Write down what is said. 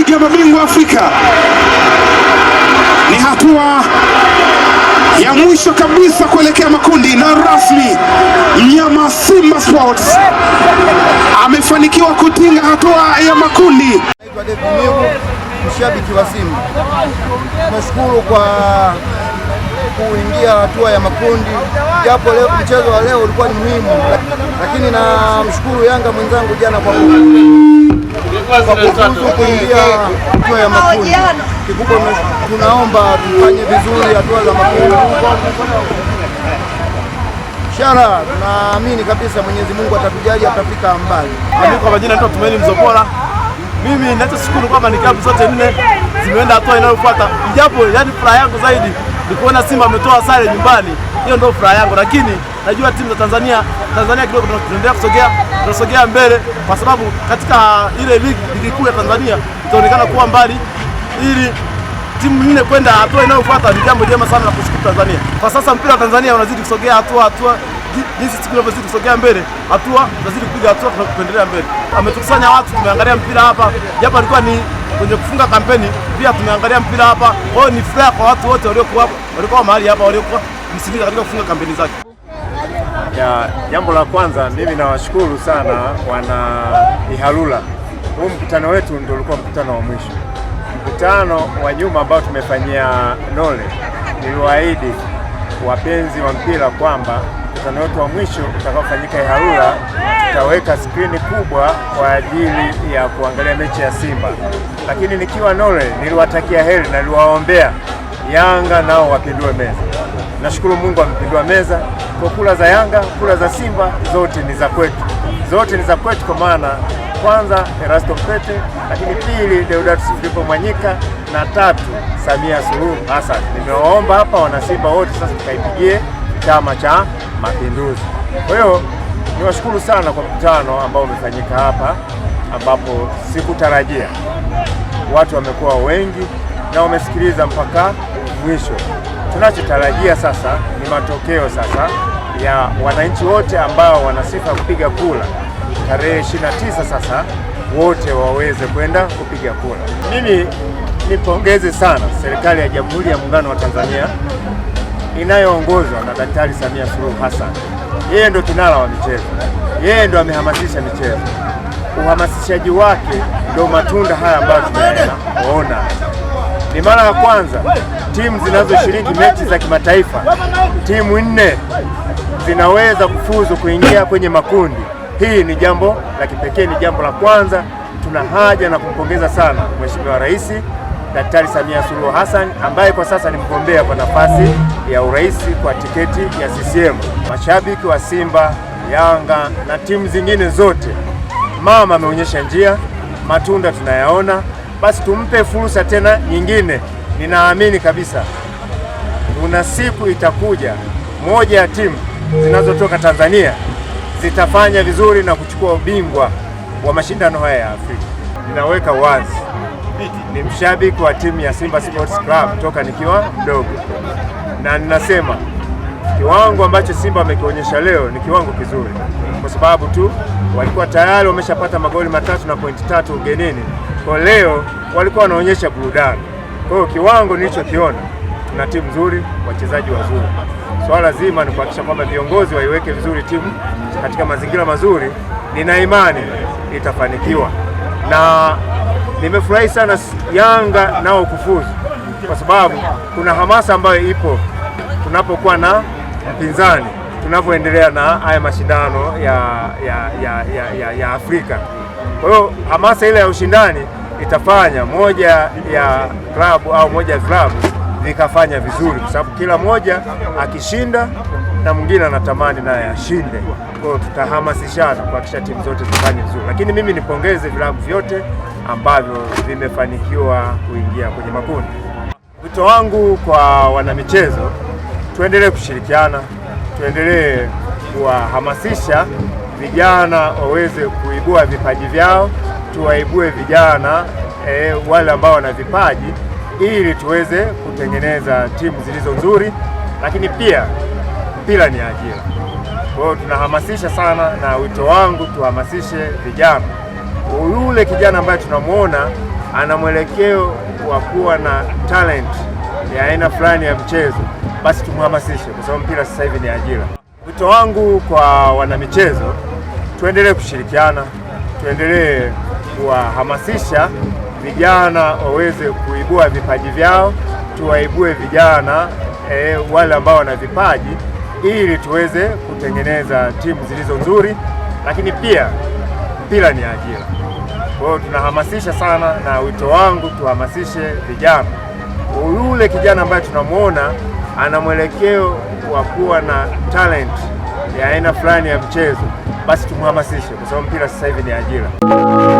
ligi ya mabingwa Afrika ni hatua ya mwisho kabisa kuelekea makundi, na rasmi mnyama Simba Sports amefanikiwa kutinga hatua ya makundi. Naitwa David mshabiki wa Simba. Tunashukuru kwa kuingia hatua ya makundi, japo leo mchezo wa leo ulikuwa ni muhimu, lakini namshukuru Yanga mwenzangu jana kwa kwa kuingia hatua ya makundi. Kikubwa tunaomba tufanye vizuri hatua za makundi. Shara, tunaamini kabisa Mwenyezi Mungu atatujali, atafika mbali. Mimi kwa majina naitwa Tumaini Mzobora. Mimi ninachoshukuru kwamba ni klabu zote nne zimeenda hatua inayofuata, ijapo yani furaha yangu zaidi ni kuona Simba ametoa sare nyumbani hiyo ndio furaha yangu, lakini najua timu za Tanzania Tanzania kidogo tunaendelea kusogea tunasogea mbele, kwa sababu katika ile ligi ligi kuu ya Tanzania itaonekana kuwa mbali, ili timu nyingine kwenda hatua inayofuata ni jambo jema sana la kushukuru Tanzania. Kwa sasa mpira wa Tanzania unazidi kusogea hatua hatua jinsi siku inavyozidi kusogea mbele, hatua tunazidi kupiga hatua, tunakuendelea mbele. Ametukusanya watu, tumeangalia mpira hapa, japo alikuwa ni kwenye kufunga kampeni, pia tumeangalia mpira hapa. Kwa hiyo ni furaha kwa watu wote waliokuwa hapa, walikuwa mahali hapa waliokuwa msindikize katika kufunga kampeni zake. Ya, jambo la kwanza mimi nawashukuru sana wana Ihalula. Huu mkutano wetu ndio ulikuwa mkutano wa mwisho. Mkutano wa nyuma ambao tumefanyia Nole, niliwaahidi wapenzi wa mpira kwamba mkutano wetu wa mwisho utakaofanyika Ihalula tutaweka skrini kubwa kwa ajili ya kuangalia mechi ya Simba, lakini nikiwa Nole niliwatakia heri na niliwaombea Yanga nao wapindue meza Nashukuru Mungu amepindua meza kwa kula za Yanga, kula za Simba zote ni za kwetu, zote ni za kwetu, kwa maana kwanza Erasto Mpete, lakini pili Deodatus Filipo Mwanyika na tatu Samia Suluhu Hassan. Nimewaomba hapa wanasimba wote sasa tukaipigie Chama cha Mapinduzi. Kwa hiyo niwashukuru sana kwa mkutano ambao umefanyika hapa, ambapo sikutarajia watu wamekuwa wengi na wamesikiliza mpaka mwisho. Tunachotarajia sasa ni matokeo sasa ya wananchi wote ambao wana sifa ya kupiga kura tarehe 29 sasa wote waweze kwenda kupiga kura. Mimi nipongeze sana serikali ya Jamhuri ya Muungano wa Tanzania inayoongozwa na Daktari Samia Suluhu Hassan. Yeye ndo kinara wa michezo, yeye ndo amehamasisha michezo. Uhamasishaji wake ndo matunda haya ambayo tunaona. Ni mara ya kwanza timu zinazoshiriki mechi za kimataifa, timu nne zinaweza kufuzu kuingia kwenye makundi. Hii ni jambo la kipekee, ni jambo la kwanza. Tuna haja na kumpongeza sana Mheshimiwa Rais Daktari Samia Suluhu Hassan ambaye kwa sasa ni mgombea kwa nafasi ya urais kwa tiketi ya CCM. Mashabiki wa Simba, Yanga na timu zingine zote, mama ameonyesha njia, matunda tunayaona, basi tumpe fursa tena nyingine ninaamini kabisa kuna siku itakuja moja ya timu zinazotoka Tanzania zitafanya vizuri na kuchukua ubingwa wa mashindano haya ya Afrika. Ninaweka wazi, ni mshabiki wa timu ya Simba Sports Club toka nikiwa mdogo, na ninasema kiwango ambacho Simba amekionyesha leo ni kiwango kizuri, kwa sababu tu walikuwa tayari wameshapata magoli matatu na pointi tatu ugenini, kwa leo walikuwa wanaonyesha burudani. Kwa hiyo kiwango nilichokiona, tuna timu nzuri, wachezaji wazuri. Swala zima ni kuhakikisha kwamba viongozi waiweke vizuri timu katika mazingira mazuri. Nina imani itafanikiwa, na nimefurahi sana Yanga nao kufuzu, kwa sababu kuna hamasa ambayo ipo tunapokuwa na mpinzani, tunavyoendelea na haya mashindano ya, ya, ya, ya, ya, ya Afrika. Kwa hiyo hamasa ile ya ushindani itafanya moja ya klabu au moja ya klabu vikafanya vizuri, kwa sababu kila moja akishinda na mwingine anatamani naye ashinde. Kwa hiyo tutahamasishana kuhakikisha timu zote zifanye vizuri, lakini mimi nipongeze vilabu vyote ambavyo vimefanikiwa kuingia kwenye makundi. Wito wangu kwa wanamichezo, tuendelee kushirikiana, tuendelee kuwahamasisha vijana waweze kuibua vipaji vyao tuwaibue vijana e, wale ambao wana vipaji ili tuweze kutengeneza timu zilizo nzuri, lakini pia mpira ni ajira. Kwa hiyo tunahamasisha sana, na wito wangu tuhamasishe vijana, yule kijana ambaye tunamwona ana mwelekeo wa kuwa na talent ya aina fulani ya mchezo, basi tumhamasishe, kwa sababu mpira sasa hivi ni ajira. Wito wangu kwa wanamichezo, tuendelee kushirikiana, tuendelee kuwahamasisha vijana waweze kuibua vipaji vyao, tuwaibue vijana e, wale ambao wana vipaji ili tuweze kutengeneza timu zilizo nzuri, lakini pia mpira ni ajira. Kwa hiyo tunahamasisha sana, na wito wangu tuhamasishe vijana, yule kijana ambaye tunamwona ana mwelekeo wa kuwa na talent ya aina fulani ya mchezo, basi tumhamasishe, kwa sababu mpira sasa hivi ni ajira.